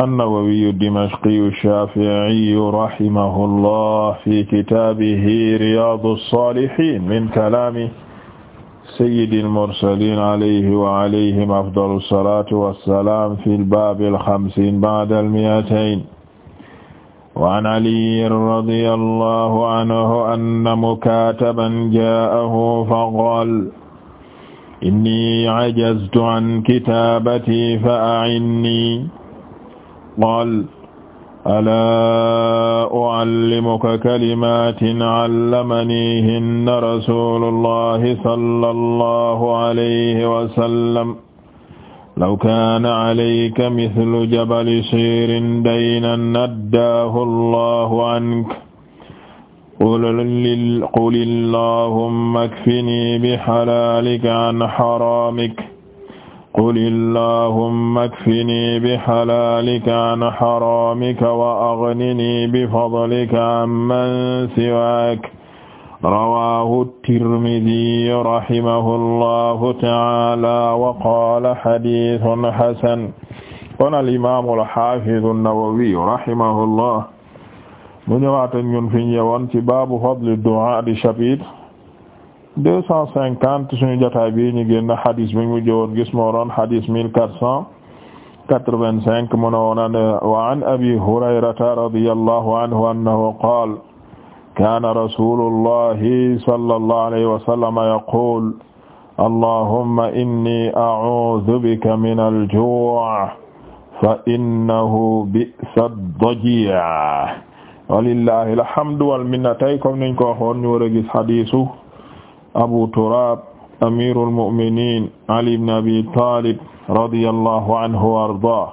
an-Nawawi ad-Dimashqi ash-Shafi'i rahimahullah fi kitaabihi Riyaadu as-Saalihiin min kalaami sayyidi al-mursaliin alayhi wa alayhim afdalu as-salaatu was-salaam fi al-baab al-khamsiin ba'da al-mi'atayn wa an Ali radiyallahu anhu anna mukaataban jaa'ahu faqaala innii ajaztu an kitaabatii fa a'innii qaala alaa u'allimuka kalimaatin 'allamaniihinna rasuulullaahi sallallaahu alayhi wa sallam law kaana 'alayka mithlu jabali siirin daynan addaahu llaahu 'anka qul allaahumma kfinii bihalaalika 'an haraamika qul allahumma akfinii bihalalika an haramika wa aghnini bifadlika amman siwaak rawaahu tirmidii rahimahu allahu taala wa qaala hadiisun hasan kon alimaamu alxaafidu nawawi rahimahu allah mu ñëwaat ñun fi ñu yewoon ci baabu fadli du'aa di chapitre deux cent cinquante suñu jotaay bi ñu génn xadis bi mu jëwoon gis moo doon xadis mille quatre cent quatre-vingt-cinq mu ne woon wa an abi hurayrata radiyallahu anhu annahu qaala kaana rasuulullahi sallallahu alayhi wa sallam yaquulu allahumma inni a'uudhu bika minal juu' fa innahu bi'sa ad-dajii' wa lillaahil hamdu wal minna tey comme niñ ko waxoon ñu war a gis xadisu abu turab amiru almuminin ali ibn abi talib radiyallahu anhu wa ardah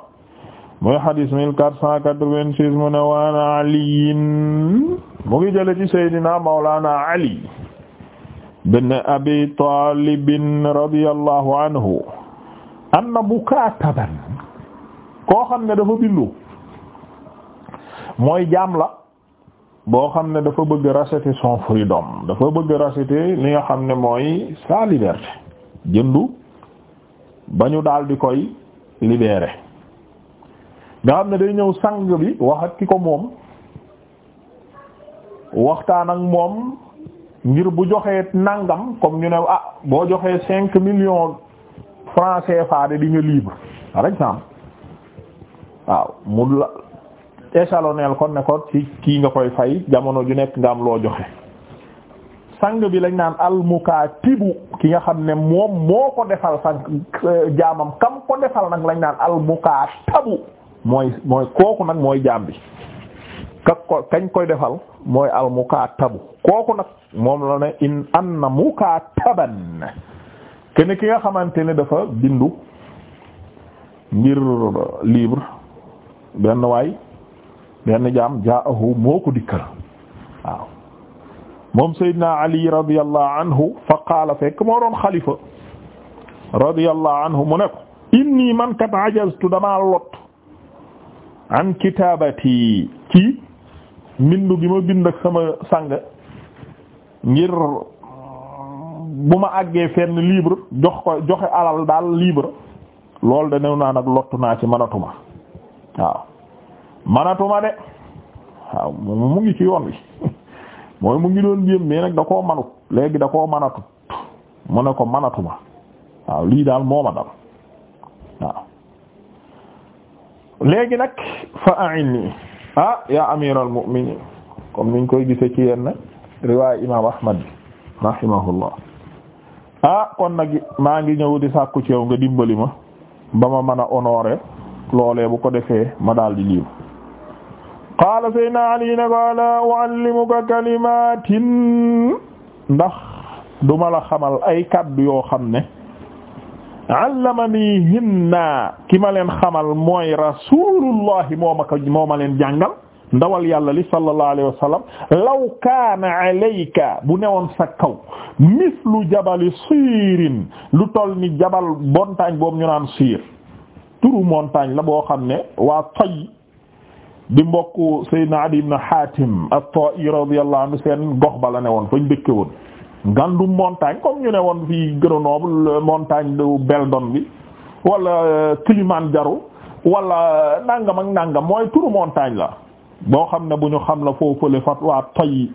mooy hadis 1486 mu ne waana aliyin mu ngi jële ci saydina mawlana ali bin abi talibin radiyallahu anhu anna mukataban koo xam ne dafa bindu mooy jaam la boo xam ne dafa bëgg racheter son freedom dafa bëgg racheter li nga xam ne mooy sa liberté jëndu ba ñu dal di koy libérer nga xam ne day ñëw sang bi wax ak ki ko moom waxtaan ak moom ngir bu joxee nangam comme ñu ne ah boo joxee cinq millions francs CFA di nga libre par waaw mu la. échelonel kon ne ko ci kii nga koy fay jamono ju nekk nga am loo joxe sang bi lañ naan almukaatibu ki nga xam ne moom moo ko defal sang euh, jaamam kam ko defal nag lañ naan almukaatabu mooy mooy kooku nag mooy jaam bi ka ko kañ koy defal mooy almukaatabu kooku nag moom la ne in anna mukaataban kenn ki nga xamante ne dafa bindu ngir euh, libre benn waay benn jaam jaahu moo ko dikkal waaw moom Seydina Ali radiyallahu anhu fa fekk moo doon xalifa radiyallahu anhu mu ne ko inni man kat ajaztu damaa lot an kitaabati ci mbindu gi ma bind sama sang ngir bu ma àggee fenn libre jox joxe alal daal libre loolu de new naa nag lottu naa ci mënatuma manatuma de waaw mu ngi ci yoon wi mooy mu ngi doon jéem mais nag da koo manut léegi da koo manatut mu ne ko manatuma waaw lii daal moo ma dal waaw léegi nag fa a'inni ah ya amiral mu'minin comme niñ koy gise ci yenn riwaay imam ahmad bi rahimahullah ah kon nag maa ngi ñëw di sàkku ci yow nga dimbali ma ba ma mën a honorer loolee bu ko defee ma daal di liibu qaala sayna ali ne ko alaa uallimuka kalimatin ndax duma la xamal ay kàddu yoo xam ne allamani hinna ki ma leen xamal mooy rasulullahi mooma ko mooma leen jàngal ndawal yàlla li sallallahu alayhi wa sallam law kaana alayka bu newoon sa kaw mislu jabali siirin lu toll ni jabal montagne boobu ñu naan siir turu montagne la boo xam ne waa toy di mbokk Seydina Adi ibn Hatim at-Ta'i radiyallahu anhu seen gox bala ne woon fañ dëkke woon ngandum montagne comme ñu ne woon fii Grenoble montagne du Beldon bi wala euh, Kilimanjaro wala euh, nangam ak nangam mooy turu montagne la boo xam ne bu ñu xam la foofule fat waa Tay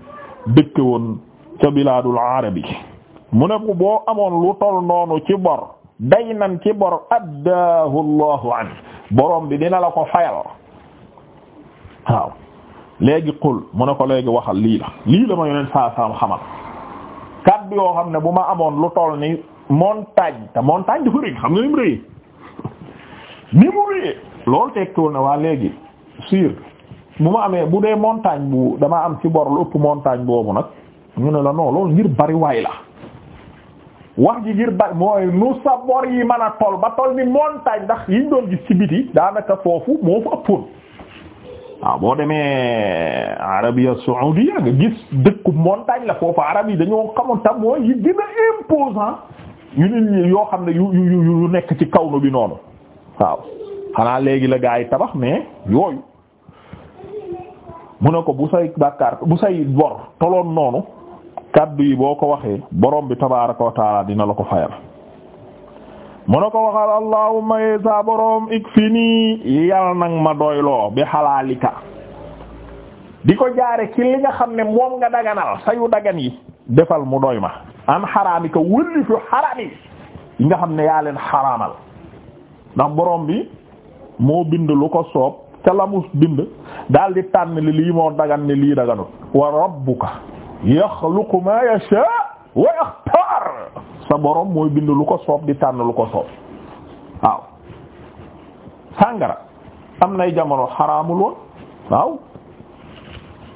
dëkke woon ca bilaadul arabi mu ne ko boo amoon lu tol noonu ci bor day ci bor addaahu an borom bi dina la ko fayal waaw léegi xul mu ne ko léegi waxal lii la lii la ma yoneen saa saam xamal kàddu yoo xam ne bu ma amoon lu toll ni montagne te montagne dafa rëy xam nga ni mu rëyee ni mu rëyee loolu tekkiwul ne waa léegi sur bu ma amee bu dee montagne bu damaa am ci bor lu ëpp montagne boobu nag ñu ne la non loolu ngir bariwaay la wax ji ngir bari mooy nu sa bor yi mën a toll ba toll ni montagne ndax yiñ doon gis ci biti daanaka foofu moo fa ëppoon waaw boo demee Arabie Saoudite nga gis dëkku montagne la foofu arab yi dañoo xamoon tam mooy yi gën a yu nit yoo xam ne yu yu yu nekk ci kaw nu bi noonu waaw xanaa léegi la gaa yi tabax mais yooyu mu ne ko bu say bàkkaar bu say bor toloon noonu kàddu yi boo ko waxee borom bi tabaaraka wa dina la ko fayal mu na ko waxal allahumma yee saa boroom ikfini yal nag ma doyloo bi xalaalika di ko jaare ki li nga xam ne moom nga daganal sayu dagan defal mu doy ma xaraamika wëllifu xaraam yi yi nga xam ne yaa leen xaraamal ndax boroom bi moo bind lu ko soob ca lamus bind daal di tànn li lii moo dagan ne lii daganut wa rabbuka yaxluqu ma yasha wa yaxtaar sa borom mooy bind lu ko soob di tànn lu ko soob waaw sàngara am nay jamono xaraamul woon waaw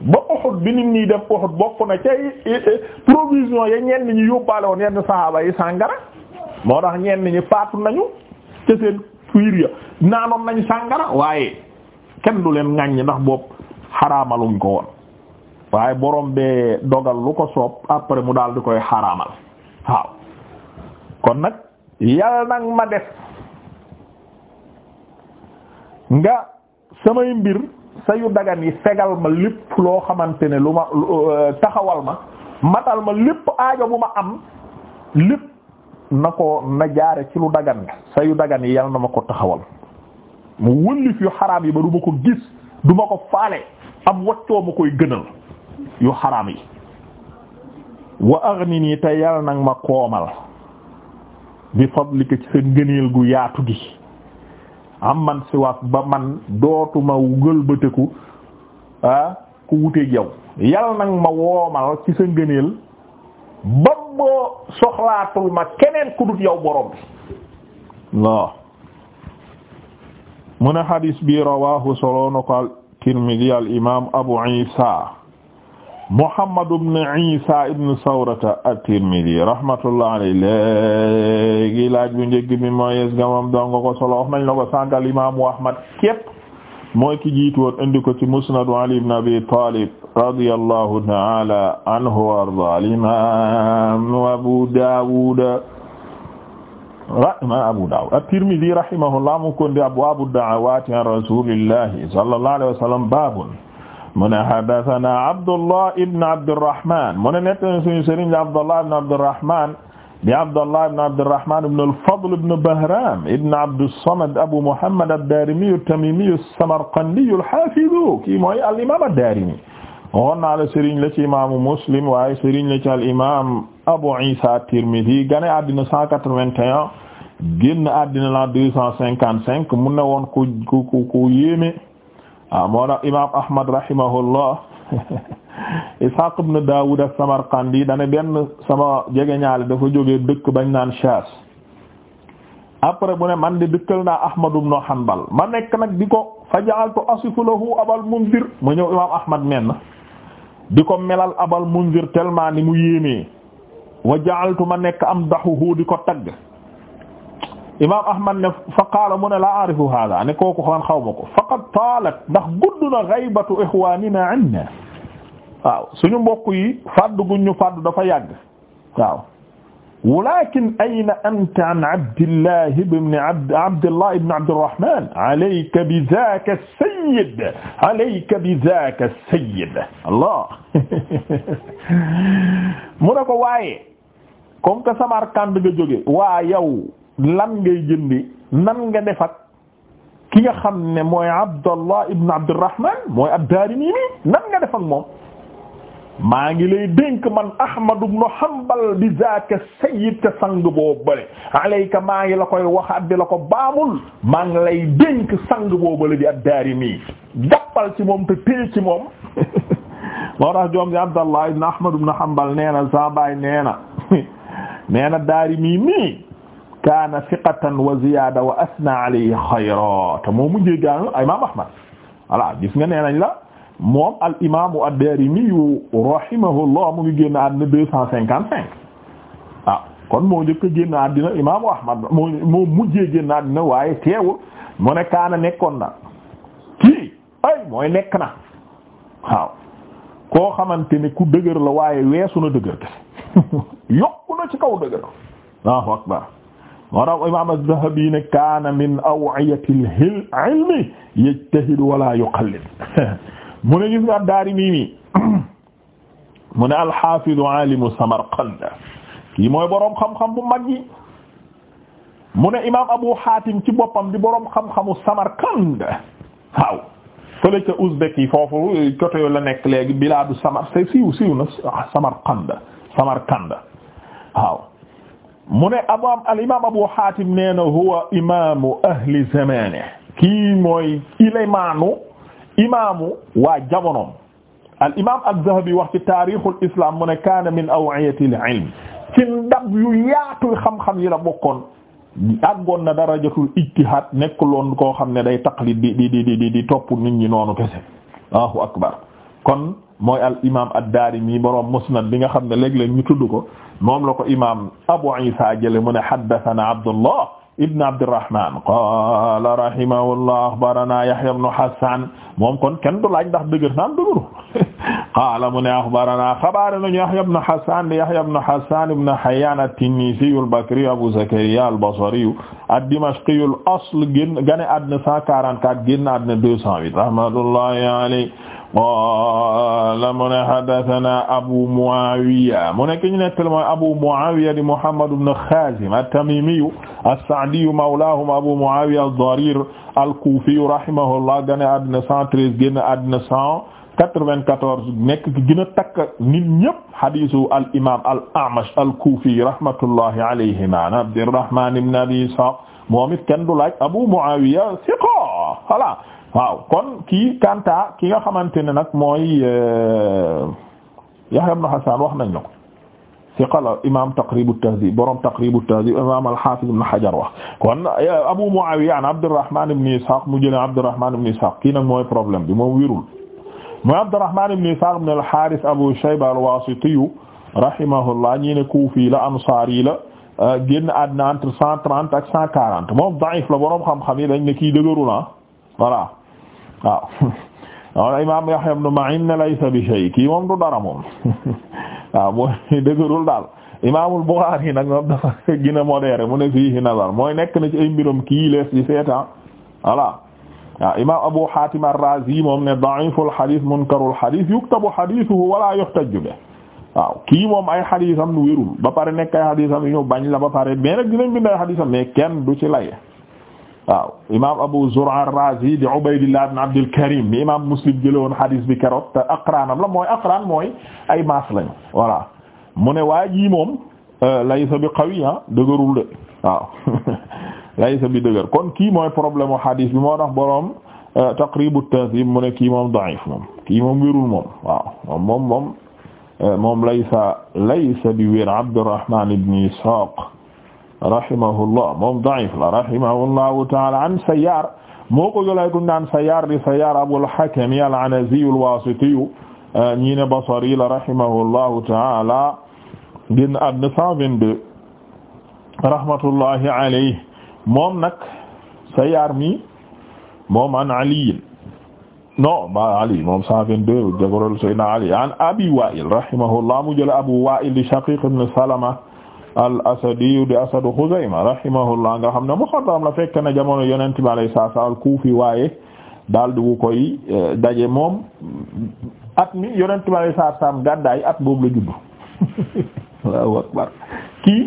ba Uhud bi nit ñi def Uhud bokk na ca eh, eh, provision ya ñenn ñi yóbbaale woon yenn saxaaba yi sàngara moo tax ñenn ñi faatu nañu ca fiir ya naanoon nañu sàngara waaye kenn du leen ŋàññ ndax boobu xaraamaluñ ko woon waaye borom bee dogal lu ko soob après mu daal di koy xaraamal waaw kon nag yàlla nag ma def nga samay mbir sa yu dagan yi fegal ma lépp loo xamante ne lu ma euh, taxawal ma matal ma lépp aajo bu ma am lépp na ko na jaare ci lu dagan sa yu dagan yi yàlla na ma ko taxawal mu wëllif yu xaraam yi ba du ma ko gis du ma ko faale am waccoo ma koy gënal yu xaraam yi wa aghnini te yàlla nag ma koomal bi fadlika ci sa ngëneel gu yaatu gi am man si waat ba man dootuma gëlbatiku ah ku wuteeg yow yal nag ma woomal ci sa ngëneel ba boo soxlaatul ma keneen ku dut yow bi waaw mu ne xadiis bi rawahu soloona ko al tirmidi abu isa Muhammad ibn Isa ibn Sawrata at-Tirmidhi rahmatullah alayhi léegi laaj bu njëkk bi mooy yes ga moom dong ko solo wax nañ la ko sàngal imaamu Ahmad képp mooy ki jiitu woon indi ko ci Musnad Ali ibn Abi Talib radiyallahu ta'ala anhu wa arda al-imam Abu Dawud imam Abu Dawud at-Tirmidhi rahimahullah mu kondi abwaabu da'awaati an rasulillahi sallallahu alayhi wa sallam babun mu ne haddasanaa Abdullah ibn Abdirrahman mu ne nekk na suñu sëriñ Abdullah ibn Abdirrahman di Abdullah ibn Abdirrahman ibn al-Fadl ibn Bahram ibn Abdus-Samad Abu Muhammad ad-Daarimi at-Tamimi as-Samarqandi al-Haafiz kii mooy al-Imaam ad-Daarimi woon naa la sëriñ la ci imaamu Muslim waaye sëriñ la ci al-Imaam Abu Iisa at-Tirmidhi gane àddina 181 génn àddina la 255 mu ne woon ku ku ku yéeme waaw ah, moo tax imaam Ahmad rahimahullah Ishaq ibn Dawud as-Samarqandi dane benn sama jegeñaale dafa jógee dëkk bañ naan Shaas après bu ne man de dëkkal naa Ahmad ibn Hanbal ma nekk nag di ko fa ja'altu asifu lahu Abal Munzir ma ñëw imaam Ahmad men di ko melal Abal Munzir tellement ni mu yéemee wa ja'altu ma nekk am daxuhu di ko tagg imaam Ahmad ne fa qaala mu ne la aarifu hada ne kooku xaw ma ko faqad taalat ndax gudd na ghaybatu ikhwanina anna waaw suñu mbokk yi fàddu guñ ñu fàddu dafa yàgg waaw walakin ayna anta an Abdillah ibn Abd Abdillah ibn Abdirrahman alayka bi zaaka sayyid alayka bi zaaka sayyid Allah mu ne ko waaye comme que Samarkand nga jóge waa yow lan ngay jëndi nan nga defat ki nga xam ne mooy Abdallah ibn Abdurrahman mooy ad-Daarimi nan nga def moom maa ngi lay dénk man Ahmad ibn Hanbal bi zaaka sayyid te sang boo bële alayka maa ngi la koy waxaat di la ko baamul maa ngi lay dénk sang boo bële di ad-Daarimi jàppal ci moom te téye ci moom moo tax joom si Abdallah ibn Ahmad ibn Hanbal nee na sa baay nee na kaana siqatan wa ziyaada wa asna alayhi xayra moo mujjee gaanu imaam Ahmad voilà gis nga nee nañ la moom al imaamu ad rahimahullah mu ngi génn àddina deux cent cinquante cinq ah kon moo njëkk a génn àddina imaamu Ahmad moo mujjee génn àddina waaye teewul mu ne kaana nekkoon na kii ay mooy nekk na waaw koo xamante ne ku dëgër la waaye weesu na dëgër kese yokku na ci kaw dëgër Allahu akbar maanaam imaam az-Zahabi ne kaana min aw'iyati al-ilmi yajtahidu wa la yuqallid mu ne gis nga Daarimi mi mu ne al-Haafiz aalimu Samarqand kii mooy boroom xam-xam bu mag yi mu ne imaam Abu Haatim ci boppam di boroom xam-xamu Samarqand waaw fële ca Uzbek yi foofu côté yooyu la nekk léegi bilaadu Samar siiw siiw na Samarqand Samarqand waaw mu ne abu al imaam abu hatim nee na huwa imaamu ahli zamane kii mooy ilimaanu imaamu waa jamonoom al imaam az-zahabi wax ci taarixul islam mu ne kaana min awiyatil ilm ci ndab yu yaatu xam-xam yi la bokkoon àggoon na darajatul ijtihaad nekkuloon koo xam ne day taqlid di di di di di topp nit ñi noonu kese allahu akbar kon mooy al imaam ad-Daarimi borom musnad bi nga xam ne léeg-léeg ñu tudd ko moom la ko imaam Abu Iisa jële mu ne haddasanaa Abdullah ibn Abdirrahmaan qaala rahimahullah axbaranaa Yahya ibn Hassan moom kon kenn du laaj ndax dëgër naan dëgëru qaala mu ne axbaranaa xabaar nañu Yahya ibn Hassan di Yahya ibn Hassan ibn Hayyaan at-Tinnisiyu al-Bakriyu Abu Zakariya al-Basriyu ad-Dimashqiyu al-asl génn gane àddina 144 génn àddina 208 rahmatullahi alayhi qaala mu ne haddathana Abu Muawiya mu nekk ñu nettali mooy Abu Muawiya di Muhammad ibn Khazim at-Tamimi as-Sa'di mawlahum Abu Muawiya ad-Darir al-Kufi rahimahullah gane àddina 113 génn àddina 194 nekk ki gën a takk nit ñëpp hadisu al imam al A'mash al-Kufi rahmatullahi alayhima an Abdurrahman ibn Abi Ishaq moom it kenn du laaj Abu Muawiya thiqa voilà waaw kon kii Kanta ki nga xamante ne nag mooy eh, Yahya ibn Hasan wax nañ la ko siqala imam Taqrib at-Tahdhib borom Taqrib at-Tahdhib imam al-Hafiz ibn Hajar wax kon eh, Abu Muawiya an Abdurrahman ibn Ishaq mu jëlee Abdurrahman ibn Ishaq kii nag mooy problème bi moom wirul mooy Abdurrahman ibn Ishaq ibn al-Harith Abu Shayba al-Wasiti rahimahullah ñi ne Kufi la Ansari la eh, génn àddina entre cent trente ak cent quarante moom la borom xam yi dañ ne kii dëgëru na ah. waaw wala imam Yahya ibn Ma'in ne laysa bi shay kii moom du dara moom waaw mooy dëgërul daal imaamul Bukhari nag moom dafa gën a mu ne fii nazar mooy nekk na ci ay mbiram kii lees ci seetan voilà waaw imam Abu Hatim ar-Razi moom ne da'iful hadith munkarul hadith yuktabu hadithuhu wala yuhtaju bihi waaw kii moom ay haditham nu wérul ba pare nekk ay haditham yu ñu bañ la ba pare mais nag dinañ bind ay haditham mais kenn du ci laye waaw imaam Abu Zur'a ar-Razi di Ubaydillah ibn Abdul Karim mi imaam Muslim jëlee woon hadis bi keroog te aqraanam la mooy aqraan mooy ay maas lañ voilà mu ne waa jii moom euh, laysa bi qawi ah dëgërul de waaw laysa bi dëgër kon kii mooy problème mu hadis bi moo tax boroom euh, Taqrib at-Tahdhib mu ne kii moom da'if moom kii moom wérul moom waaw moom moom moom euh, laysa laysa bi wér Abdurrahman ibn Ishaq rahimahullah moom da'if la rahimahullahu ta'ala an Sayyaar moo ko jëlee ku naan Sayyaar di Sayyaar Abul Hakam al-Anazi al-Wasiti ñi ne Basri la rahimahullahu ta'ala génn àdduna 122 rahmatullahi alayhi moom nag Sayyaar mi moom an Ali non ba Ali moom 122 jagoral Sayyidina Ali an Abi Wa'il rahimahullah mu jëlee Abu Wa'il di Shaqiq ibn Salama al asadiyu di asadu Xuzayma rahimahullah nga xam ne muxadram la fekk na jamono yonent bi alayhi salaatu kuufi waaye daal di koy eh, daje moom at mi yonent bi alayhi salaatu gàddaay at boobu la juddu kii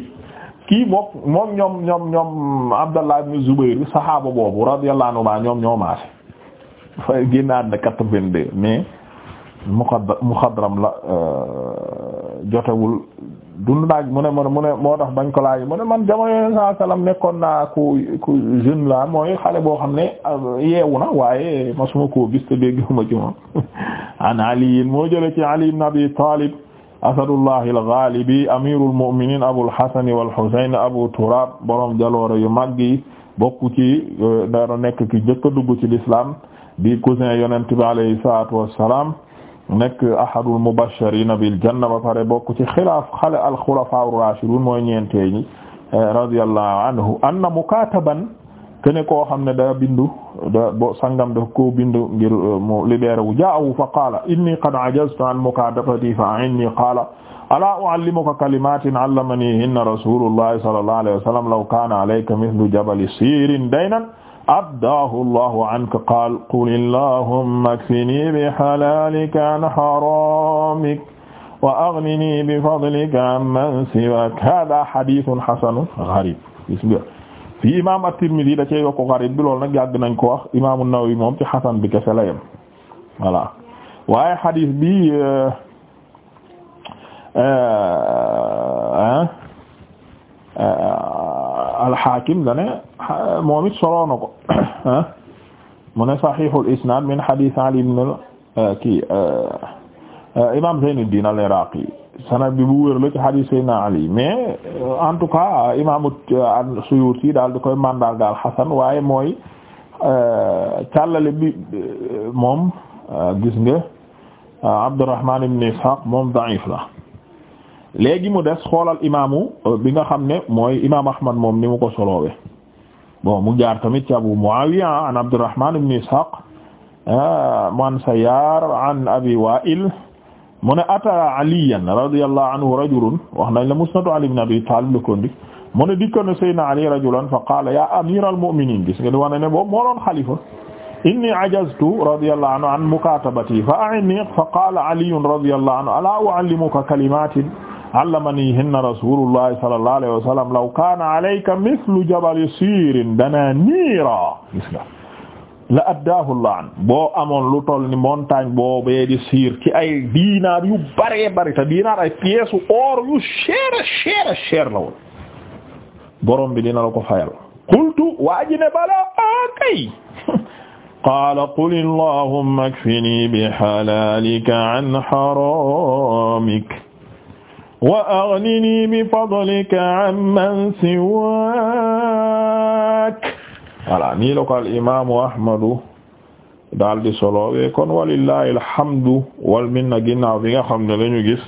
kii moom moom ñoom ñoom ñoom Abdallah Zubayr saxaaba boobu radiyallahu anhuma ñoom ñoo maase fay génnaat na quatre-vingt-deux mais muxadram la eh, jotewul dund naaj mu ne mu moo tax bañ ko man jamono yeneen saa salaam nekkoon naa ku ku la mooy xale boo xam ne euh, yeewu na waaye masuma koo gis te dégguma ci moom an Ali moo jële ci Ali ibn Abi Talib asadullah al-ghalibi amirul mu'minin Abul Hasan wal Husayn Abu Turab borom jaloore yu mag yi bokk ci euh, dara nekk ki njëkk a dugg ci l'islam di cousin yonent bi alayhi salaatu wassalaam nekk ahadul mubashirina bil janna ba pare bokk ci xilaaf xale al xulafaa ar-rashidun mooy ñeentee ñi eh, radiyallahu anhu anna mukataban kene koo xam ne da bindu da bo sangam da ko bindu ngir eh, mu libéré wu jaawu fa qaala inni qad ajaztu an mukatabati fa a'inni qaala alaa u'allimuka kalimatin 'allamanihinna rasulullahi sallallahu alayhi wa sallam law kana alayka mithlu jabali sirin daynan abdaahu allahu anka qaal qul allahumma akfinii bi halalika an haramik wa aghnini bi fadlika amman siwak hada hadithun hasanun gharib gis nga fii imam at-Tirmidhi da cee yokk gharib bi loolu nag yàgg nañ ko wax imam an-Nawawi moom ci hasan bi kese la yem voilà waaye hadith bi euh, euh, euh, alxaakim da ne moom it soloo na ko mu ne Ali ibn eh, kii eh, eh, imaam Zeynuddin al-Iraaqi sanad bi bu wér la Ali mais en tout cas imaam Suyuuti daal di koy mandargaal xasan waaye mooy càllale bi moom gis nga Abdurrahmaan ibn Isxaaq moom da'if la léegi mu des xoolal imaamu euh, bi nga xam ne mooy imaam Ahmad moom ni mu ko soloowe bon mu jaar tamit ci Abu Muawiya an Abdurrahman ibn Ishaq euh, man Sayyar an Abi Wa'il mu ne ata aliyan radiyallahu anhu rajulun wax nañ la musnadu Ali ibn Abi Talib lekondi mu ne dikka na Seydina Ali rajulan fa qaala ya amiral mu'minin gis nga di wax ne ne boobu moo doon xalifa inni ajaztu radiyallahu anhu an mukatabati fa a'inni fa qaala aliyun radiyallahu anhu ala u'allimuka kalimatin allamanihinna rasulullahi sallallahu alayhi wa sallam law kaana alayka mithlu jabali siirin dananiira gis nga la addaahu Allah an boo amoon lu toll ni montagne boobee di siir ci ay diinaar yu baree bari te diinaar ay pièces or yu cher cher cher la woon borom bi dina la ko fayal qultu waa ji ne balaa akay qaala qul allahumma akfini bi halalika an haramik wa aghnini bi fadlika amman siwaak voilà nii la ko al imaamu Ahmadu daal di solo we kon walillahi alhamdu wal minna ginnaaw bi nga xam ne lañu gis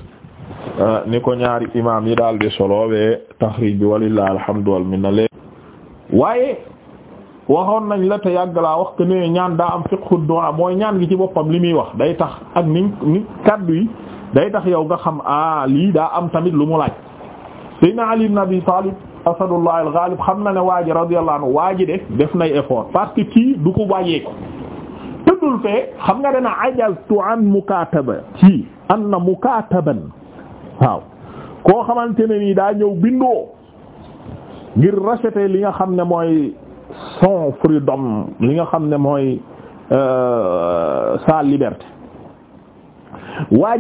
euh, ni ko ñaari imaam yi daal di solo we taxrij bi walillahi alhamdu wal minna lee waaye waxoon nañ la te yàgg laa wax que ne ñaan daa am fiqhu du'a mooy ñaan gi ci boppam li muy wax day tax ak ni ni kaddu yi day tax yow nga xam ah lii daa am tamit lu mu laaj Seydina Ali ibn Abi Talib asadullah al-ghalib xam na ne waa ji radiyallahu anhu waa ji de def nay effort parce que kii du ko wàññeeku tëddul fee xam nga dana ajaltu an mukataba ci an na mukataban waaw koo xamante ne nii daa ñëw bindoo ngir racheter li nga xam ne mooy son li nga xam ne mooy euh, sa liberté waa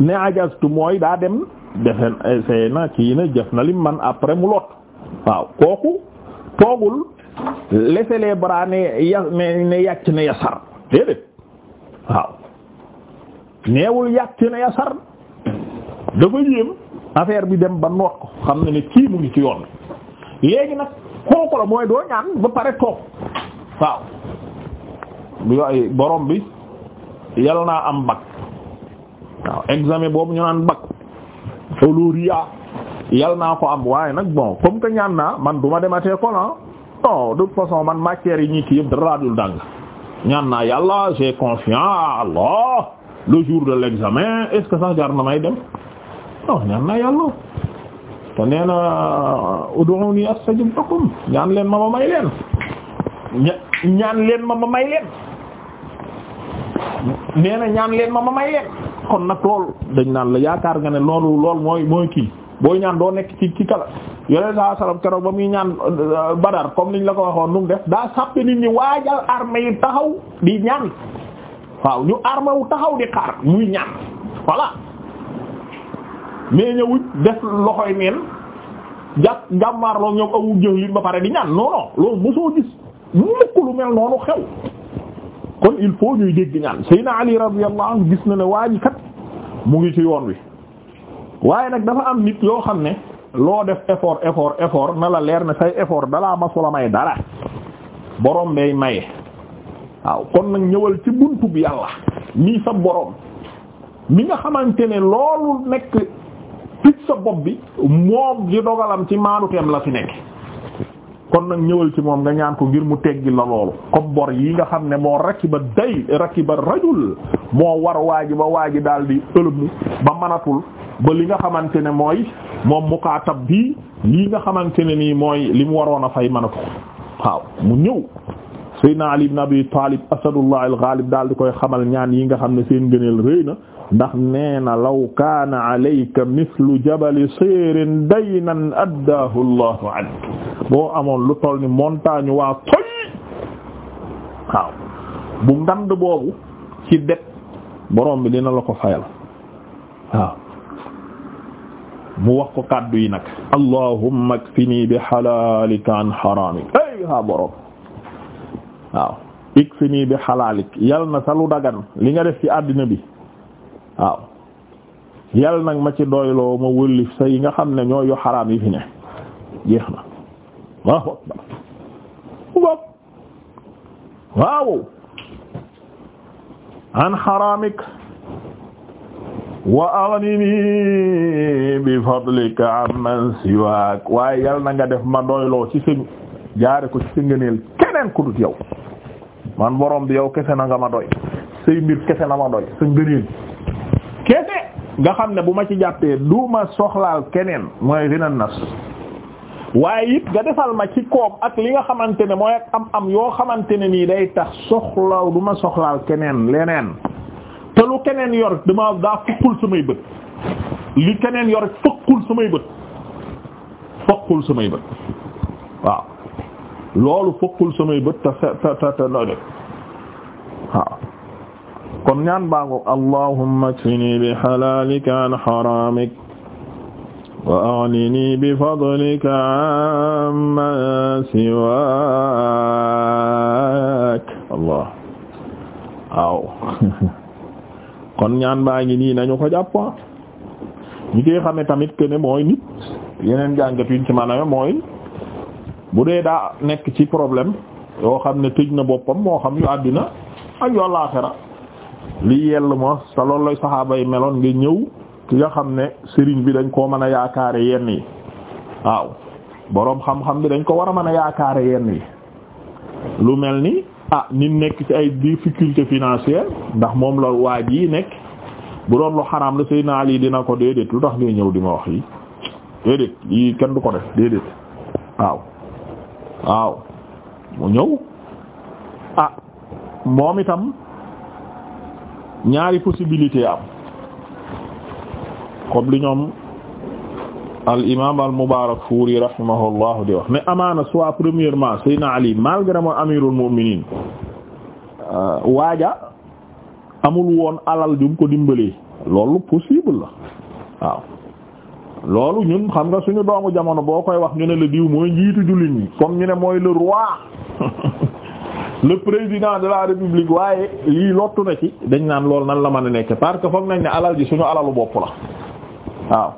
ne ajastu mooy daa dem defe essayé na kii na jëf na lim man après mu lot waaw kooku toogul laisser ne ya ne ne yàcc na yasar déedéet waaw neewul yàcc na yasar dafa yéem affaire bi dem ba noot ko xam ne ne kii mu ngi ci yoon léegi nag kooku la mooy doo ñaan ba pare toog waaw borom bi yal naa am bag waaw examen boobu ñu naan bac baccalauréat yal naa ko am waaye nag bon comme que ñaan naa man du ma école ah non de toute façon man matières yi ñi ki yëpp dara dul dàng ñaan naa yàlla j'ai confiance Allah le jour de l'examen est que sax jar may dem ñaan naa yàlla te nee na ud'uni astajib lakum ñaan leen ma ma may leen ñaan leen ma ma may leen nee ñaan leen ma ma may leen kon nag loolu dañ naan la yaakaar nga ne loolu lool mooy mooy kii booy ñaan doo nekk ci ci kala yoneen saa salam keroog ba muy ñaan euh, badar comme niñ la ko waxoon nu def daa sàppe nit ñi waajal armée yi taxaw di ñaan waaw ñu armée taxaw di xaar muy ñaan voilà mais ñëwuñ def loxoy neen jàpp jàmmaar loolu ñoom awu jëw ba pare di ñaan non non loolu mosoo gis mukk lu mel noonu xew kon il faut ñuy dégg ñaan Seydina Ali radiyallahu anhu gis na ne waa kat mu ngi ci yoon wi waaye nag dafa am nit yoo xam ne loo def effort effort effort na la leer ne say effort dalaa masula may dara boroom bay maye waaw kon nag ñëwal ci buntu bi yàlla nii sa borom mi nga xamante ne loolu nekk picc sa bopp bi moom di dogalam ci maanuteem la fi nekk kon nag ñëwal ci moom nga ñaan ko ngir mu teggi la loolu comme bor yi nga xam ne moo rakiba day rakiba rajul moo war waa ji ba waa ji daal di ëlëmu ba manatul ba li nga xamante ne mooy moom mukaatab bi lii nga xamante ne nii mooy li mu waroon a fay manatu waaw mu ñëw Seydina Ali ibn Abi Talib asadullah al ghalib daal di koy xamal ñaan yi nga xam ne seen gëneel rëy na ndax nee na law kaana alayka mithlu jabali sirin amoon lu toll ni montagne waa toy waaw bu ngand boobu ci det borom bi dina la ko fayal mu wax ko kàddu yi nag allahumma ikfini bi halalika an haramik ay ha borom waaw bi halalik yal na sa dagan li nga def ci àddina bi aw yàlla nag ma ci doyloo ma wëllif sa yi nga xam ne ñooy yu xaraam yi fi ne jeex na waaw waaw an xaraamik wa aghnini bi fadlika amman siwaak waaye yàlla na nga def ma doyloo ci seen jaare ko ci sa ngëneel keneen ku dut yow man borom bi yow kese na nga ma doy say mbir kese na ma doy sa nga xam ne bu ma ci jàppee du ma soxlaal keneen mooy rina nas waaye it nga defal ma ci koom ak li nga xamante ne mooy am am yoo xamante ne nii day tax soxlaaw du ma soxlaal keneen leneen te lu keneen yor dama daa fukkul samay bët li keneen yor fukkul samay bët fukkul samay bët waaw loolu fukkul samay bët te te te te waaw kon ñaan baango allahumma kfini bi halalika an wa aghnini bi fadlika amma siwaak allah waaw kon ñaan baa ngi nii nañu ko jàpp ah. ñi koy xame tamit que ne mooy nit yeneen jàngat yuñ ci maanaam mooy bu dee daa nekk ci problème yoo xam ne tëj na boppam moo xam yu àddina ak yu lii yell moo sa loolu lay saxaaba meloon nga ñëw ki nga xam ne sëriñ bi dañ koo mën a yaakaare yenn yi waaw boroom xam-xam bi dañ ko war a mën a yaakaare yenn yi lu mel ni ah nit nekk ci ay difficulté financière ndax moom la waa ji nekk bu doon lu xaraam la Seydina Ali dina ko déedéet lu tax ngay ñëw di ma wax yi déedéet yii kenn du ko def déedéet waaw waaw mu ñëw ah moom itam ñaari possibilité am comme li ñoom al imam al Mubarakfuri rahimahullah di wax mais amaana soit premièrement Seydina Ali malgré moom amirul mu'minin euh, waaja amul woon alal jum ko dimbalee loolu possible la waaw loolu ñun xam nga suñu doomu jamono boo koy wax ñu ne la diw mooy njiitu jullit ñi comme ñu ne mooy le roi le président de la république waaye lii lottu na ci dañ naan lool nan la mën a nekk parce que foog nañ ne alal ji suñu alalu bopp la waaw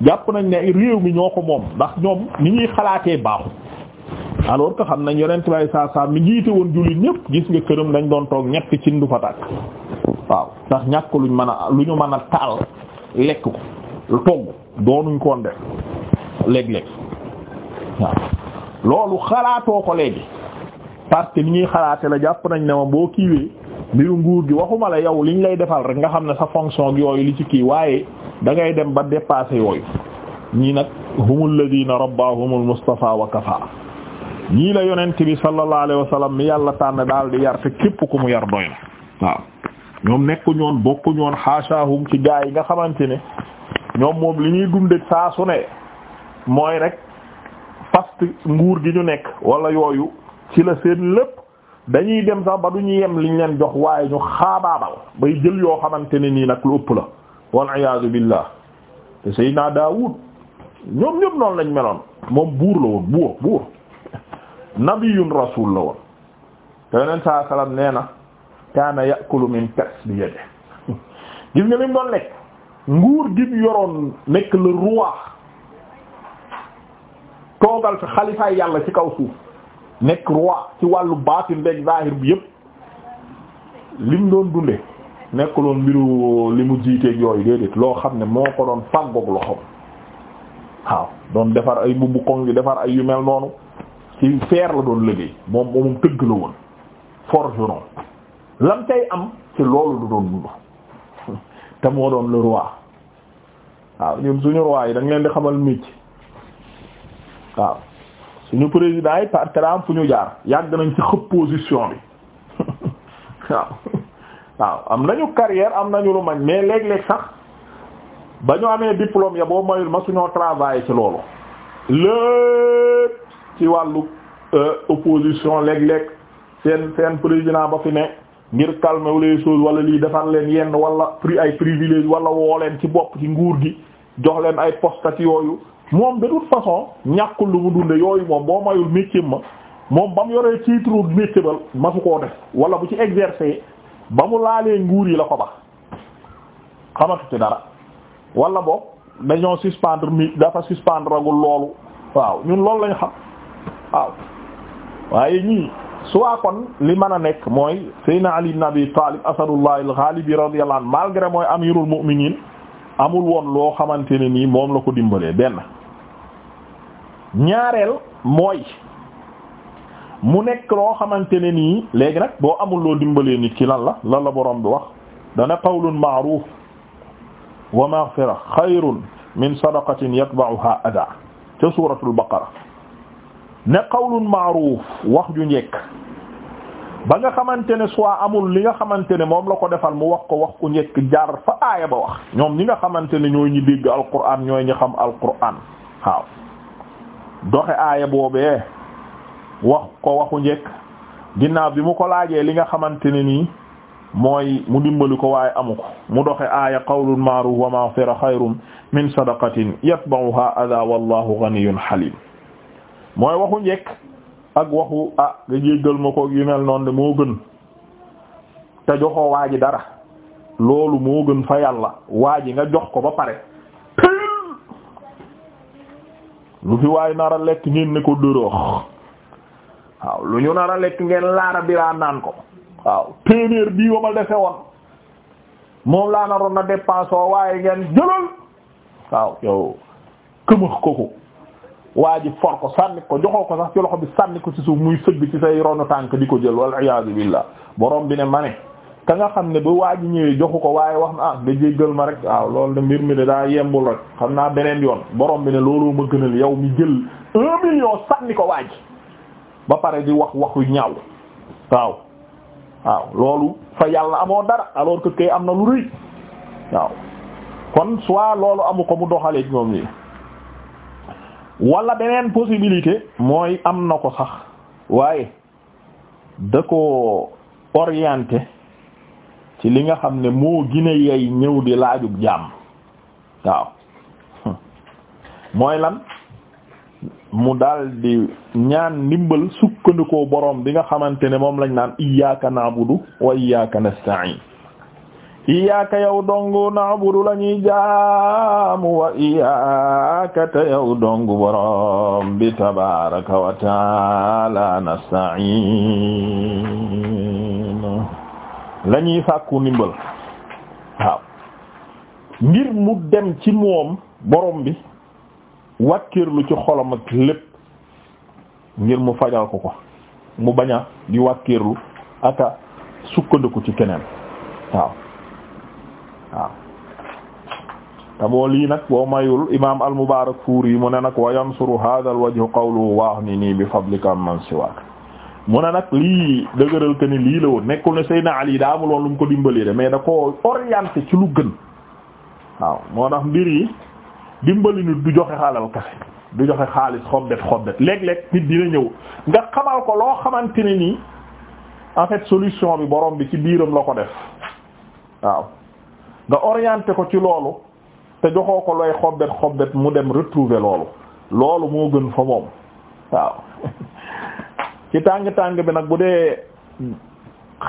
jàpp nañ ne réew mi ñoo ko moom ndax ñoom ni ñuy xalaatee baaxu alors que xam nañ yonent bay saa saa mi jiite woon jullit ñëpp gis nga këram dañ doon toog ñetti cin du fa tàkk waaw ndax ñàkk luñ mën a lu ñu mën a taal lekk ko togg doonuñ koon def léeg-léeg waaw loolu xalaatoo ko léegi parce que ni ñuy xalaate la jàpp nañ ne ma boo kiiwee mbiru nguur gi waxuma la yow liñ lay defal rek nga xam ne sa fonction yooyu li ci kii waaye da ngay dem ba dépasser yooyu ñii nag humul ladina rabbahumul mustafa wa kafa ñii la yonent bi sallallahu alayhi wa mi yàlla tànn daal di yar te képp ku mu yar doy na waaw ñoom nekku ñoon bokku ñoon xaasahum ci gaa yi nga xamante ne ñoom moom li ñuy dundee saa su ne mooy rek fast nguur gi ñu nekk wala yooyu ci la seen lépp dañuy dem sax ba du ñu yem liñ leen jox waaye ñu xaabaabal bay jël yoo xamante ne nii nag lu ëpp la wal iyaadu billah te Seydina Daawud ñoom ñëpp noonu lañ meloon moom buur la woon buur buur nabiyun rasul la woon te yoneen saa salaam nee na kaana yakulu min kas bi yede gis nga li doon lekk nguur gi mu yoroon nekk le roi toogal fi xalifaay yàlla ci kaw suuf nekk roi ci wàllu baatin beeg zahir bi yëpp lim doon dunde nekkuloon mbiru li mu jiiteeg yooyu déedéet loo xam ne moo ko doon fàggoog loxoom waaw doon defar ay mbubu koŋ yi defar ay yu mel noonu ci feer la doon liggéey moom moom tëgg la woon forgeron lam tay am ci loolu du doon dund te moo doon le roi waaw ñun suñu roi yi da leen di xamal métier waaw suñu président yi parce daa am fu ñu jaar yàgg nañ ci xëpp position bi waaw waaw am nañu carrière am nañu lu mañ mais léeg-léeg sax ba ñu amee diplôme ya boo mayul ma suñoo travailler ci loolu lépp ci wàllu euh, opposition léeg lekk seen seen président ba fi ne ngir calmer wu les wala lii defar leen yenn wala prix ay privilège wala woo leen ci bopp ci nguur gi jox leen ay poste yooyu moom de toute façon ñàkkul lu mu dunde yooyu moom boo mayul métier ma moom ba mu yoree titre métier ba masu koo def wala bu ci exercer ba mu laalee nguur yi la ko bax xamatu ci dara wala boog dañoo suspendre mi dafa suspendre ragul loolu waaw ñun loolu lañ xam waaw waaye ñii soit kon li man a nekk mooy Seydina Ali ibn Abi Talib asadullah al-Ghalibi radiyallahu anhu malgré mooy amirul mu'minin amul woon loo xamante ne nii moom la ko dimbalee benn ñaareel mooy mu nekk loo xamante ne nii léegi nag boo amul loo dimbalee nit ki lan la lan la boroom bi wax dana qawlun ma'ruf wa maghfira xayrun min sadaqatin yatba'uha ada ca suratul baqara ne qawlun ma'ruf wax ju njekk ba nga xamante ne soi amul li nga xamante ne moom la ko defal mu wax ko wax ku njekk jaar fa aaya ba wax ñoom ñi nga xamante ne ñooy ñi dégg alquran ñooy ñi xam alquran waaw doxe aaya boobee wax ko waxu njëkk ginnaaw bi mu ko laajee li nga xamante ne nii mooy mu dimbali ko waaye amu ko mu doxe aaya qawlun ma'ruf wa maghfira xayrun min sadaqatin yatba'uha adha wallahu ghaniyyun halim mooy waxu njëkk ak waxu ah nga jéggal ma ko yu noon noonu de moo gën te joxoo waa ji dara loolu moo gën fa yàlla waa ji nga jox ko ba pare lu fi waay nar lekk ngeen ne ko dërëx waaw lu ñu nar a lekk ngeen laara biraa naan ko waaw téeméer bii ba ma defe woon moom laa naroon na dépense waaye ngeen jëlal waaw yow këmax ko ko waa ji for ko sànni ko joxoo ko sax ci loxo bi sànni ko ci suuf muy sëgg ci say ronu tànk di ko jël wal iyaazu billah borom bi ne ma ne ka nga xam ne ba waa ji ñëwee joxu ko waaye wax na ah nga jéggal ma rek waaw loolu de mbir mi de daa yembul rek xam naa beneen yoon borom bi ne looloo ma gënal yow mi jël un million sànni ko waa ba pare di wax waxu ñaaw waaw waaw loolu fa yàlla amoo dara alors que kay am na lu rëy waaw kon soit loolu amu ko mu doxalee ñoom nii wala beneen possibilité mooy am na ko sax waaye da ko orienté ci li nga xam ne moo gine yey ñëw di laajug jaam waaw mooy lan mu daal di ñaan ndimbal sukkandikoo boroom bi nga xamante ne moom lañ naan iyyaka na'budu wa iyyaka nasta'in iyyaka yow dong na'budu la ñuy jaamu wa iyyaka te yow dong boroom bi tabaraka wa taala nasta'in lañuy ñuy sàkku ndimbal waaw ngir mu dem ci moom borom bi wàkkirlu ci xolam ak lépp ngir mu fajal ko ko mu baña a di wàkkirlu aka sukkandiku ci keneen waaw waaw te boo lii nag boo mayul imaam al-Mubaarakfuuri mu ne nag wa yansuru haadha al-wajhu qawluhu waghninii bi fadlika man siwaak mu ne nag lii dëgëral que ni lii la woon nekkul ne Seydina Ali daa amuloon lu mu ko dimbalee de mais da ko orienté ci lu gën waaw moo tax mbir yi dimbali nit du joxe xaalal kese du joxe xaalis xobbet xobbet léeg-léeg nit dina ñëw nga xamal ko loo xamante ne nii en fait solution bi borom bi ci biiram la ko def waaw nga orienté ko ci loolu te joxoo ko looy xobbet xobbet mu dem retrouver loolu loolu moo gën fa moom waaw ci tàng tàng bi nag bu dee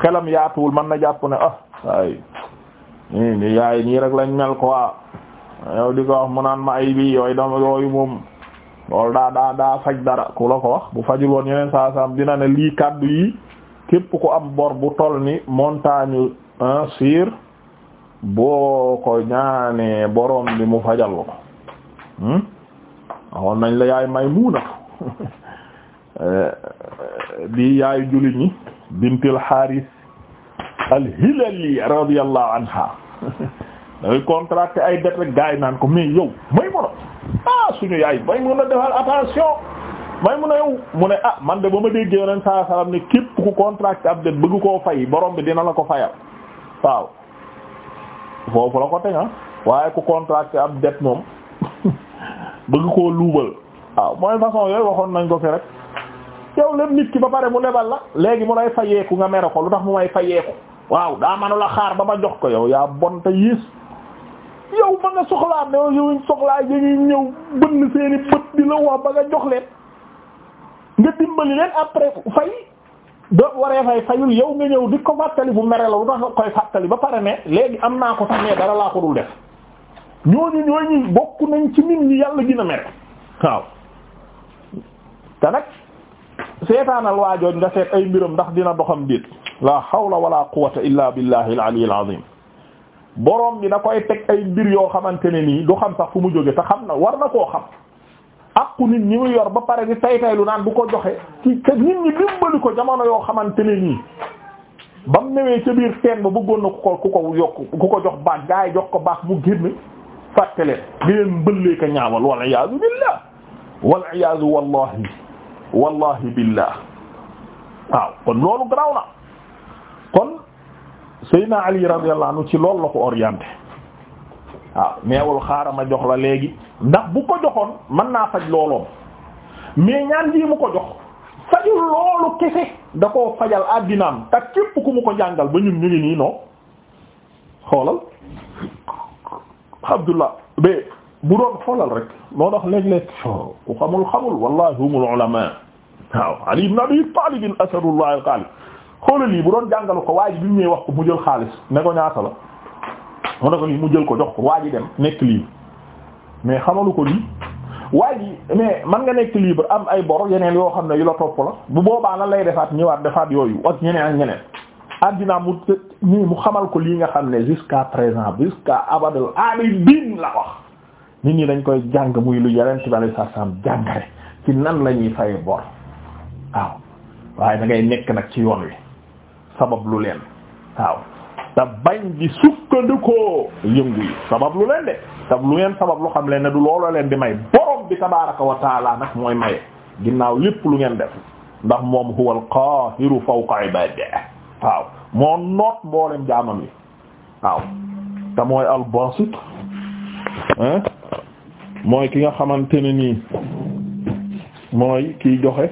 xelam yaatuwul man na jàpp ne ah ay nii yaay nii rek lañ mel ko wax mu naan ma ay bi yooyu dama moom loolu daa daa faj dara ku la ko wax bu fajul woon yeneen saasaam dina ne lii kaddu yi képp ku am bor bu tol ni montagne un sur boo ko ñaanee borom bi mu fajal ko hmm? waxoon nañ la yaay Maymuna bi euh, yaayu jullit ñi bintul Haaris al-Hilali radiyallahu anha dangay contracté ay det rek gars yi naan ko mais yow Maymuna ah suñu yaay Maymuna defal attention Maymuna yow mu ne ah man de ba ma déggee Yonent saa salaam ne képp ku contracté ab bëgg koo fay borom bi dina la ko fayal waaw foofu la ko teg ah waaye ku contracté ab det moom bëgg koo luubal waaw mooy façon yooyu waxoon nañ ko fi rek yow lem nit ki ba pare mu lebal la léegi mu lay fayeeku nga mere ko lu tax mu may fayeeku waaw daa manu la xaar ba ma jox ko yow yaa bon te yiis yow ba nga soxlaa ne yow soxlaa yi ngi ñëw bënn seeni ba nga jox leen nga dimbali leen après fay do waree yow nga ñëw di ko fàttali bu mere la lu tax koy ba pare léegi am naa ko sax laa ko dul def ñooñu bokk nañ ci nit ñi yàlla gën a mere waaw te seetaanal waajooj nga seet ay mbiram ndax dina doxam biit la hawla wala quwwata illa billahi al-aliyyil azim borom bi da koy teg ay mbir yoo xamante ne nii du xam sax fu mu jóge te xam na war na koo xam àqu nit ñi mu yor ba pare di tay tay lu naan bu ko joxe ci te nit ñi dimbali ko jamono yoo xamante ne nii ba mu newee ca biir teen ba bëggoon na ku ko ku ko yokk ku ko jox baax gaa jox ko baax mu génn fàtte leen di leen mbëllee ko ñaawal wal iyaazu billah wal iyaazu wallahi wallahi billah waaw kon loolu garaaw na kon Seydina Ali radiyallahu anhu ci loolu la ko orienté waaw neewul xaaral ma jox la léegi ndax bu ko joxoon mën naa faj looloom mais ñaan lii mu ko jox fajul loolu kese da koo fajal addinaam te képp ku mu ko jàngal ba ñun ñu ngi nii non xoolal Abdullah be bu doon xoolal rek moo tax léeg-léeg ku xamul xamul wallahi humul ulama waaw Ali ibn Abi Talib asadullah al-ghalib bu doon jàngalu ko waa bi mu ñëwee wax ko mu jël xaalis ne ko ñaata la mu ne mu jël ko jox ko waa dem nekk libre mais xamalu ko lii waa ji mais man nga nekk libre am ay boro yeneen yoo xam ne yu la topp la bu boobaa lan lay defaat ñëwaat defaat yooyu ak ñeneen ak ñeneen addinaa mu mu xamal ko lii nga xam ne jusqu'à présent jusqu'à la wax nit ñi dañ koy jàng muy lu yeneen ci bari saa saam jàngare ci nan la ñuy fay bor waaw waaye dangay nekk nag ci yoon wi sabab lu leen waaw te bañ di sukkandikoo yëngu yi sabab lu leen de te lu ngeen sabab lu xam leen ne du looloo leen di may borom bi tabaaraka wa taala mooy maye ginnaaw lépp lu ngeen def ndax moom huwal qaahiru fawqa ibaadihi waaw moo noot mboolem jaamam yi waaw te mooy al mooy ki nga xamante ne nii mooy kiy joxe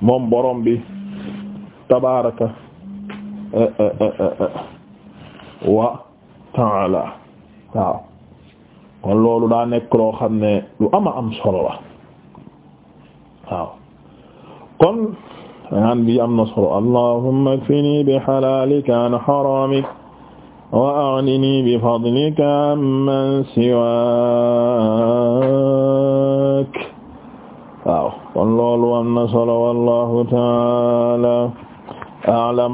moom borom bi tabaraka eh, eh, eh, wa taala kon loolu daa nekk loo xam ne lu ama am solo waaw kon ñaan bi am na solo allahumma kfini bi halalika an haramik wa aghnini bi fadlika amman siwaak waaw kon loolu am na solo wallahu ta'ala a'lam